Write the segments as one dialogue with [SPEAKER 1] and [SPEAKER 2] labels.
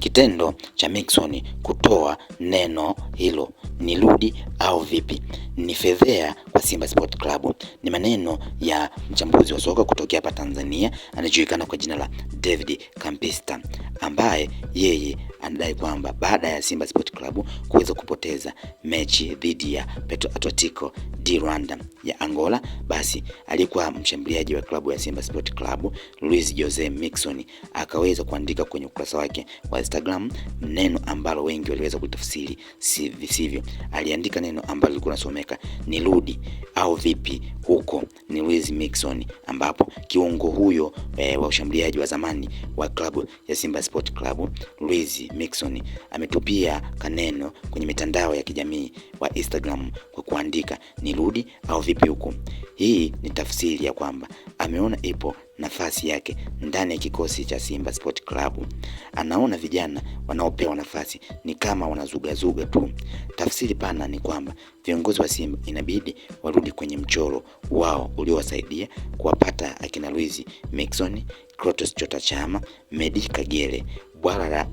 [SPEAKER 1] Kitendo cha mixon kutoa neno hilo ni rudi au vipi, ni fedhea kwa Simba Sport Club, ni maneno ya mchambuzi wa soka kutokea hapa Tanzania anajulikana kwa jina la David Campista, ambaye yeye anadai kwamba baada ya Simba Sport Club kuweza kupoteza mechi dhidi ya Petro Atletico di Rwanda ya Angola, basi alikuwa mshambuliaji wa klabu ya Simba Sport Club Luis Jose Mixon akaweza kuandika kwenye ukurasa wake wa Instagram neno ambalo wengi waliweza kutafsiri si visivyo. Aliandika neno ambalo lilikuwa ni nirudi au vipi huko ni Luis Mixon, ambapo kiungo huyo e, wa ushambuliaji wa zamani wa klabu ya Simba Sport Club Luis Mixon ametupia kaneno kwenye mitandao ya kijamii wa Instagram kwa kuandika nirudi au vipi huko. Hii ni tafsiri ya kwamba ameona ipo nafasi yake ndani ya kikosi cha Simba Sport Club. Anaona vijana wanaopewa nafasi ni kama wanazugazuga tu. Tafsiri pana ni kwamba viongozi wa Simba inabidi warudi kwenye mchoro wao uliowasaidia kuwapata akina Luis Miquissone, Clatous Chota Chama, Meddie Kagere, Bwalya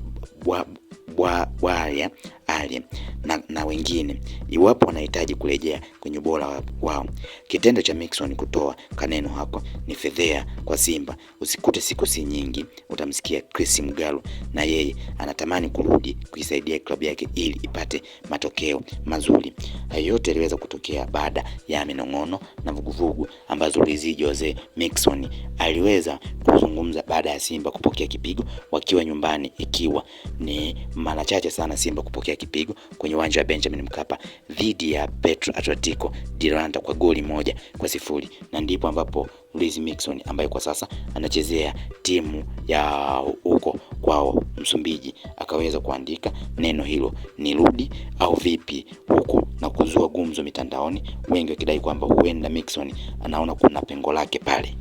[SPEAKER 1] mbalimbali na, na wengine iwapo wanahitaji kurejea kwenye ubora wao. Kitendo cha Mixon kutoa kaneno hako ni fedhea kwa Simba. Usikute siku si nyingi utamsikia Chris Mgalu na yeye anatamani kurudi kuisaidia klabu yake ili ipate matokeo mazuri. Hayo yote yaliweza kutokea baada ya minong'ono na vuguvugu ambazo Luis Jose Mixon aliweza kuzungumza baada ya Simba kupokea kipigo wakiwa nyumbani, ikiwa ni mara chache sana Simba kupokea kipigo kipigo kwenye uwanja wa Benjamin Mkapa dhidi ya Petro Atletico Diranda kwa goli moja kwa sifuri na ndipo ambapo Luis Mixon ambaye kwa sasa anachezea timu ya huko kwao Msumbiji akaweza kuandika neno hilo nirudi au vipi huku na kuzua gumzo mitandaoni, wengi wakidai kwamba huenda Mixon anaona kuna pengo lake pale.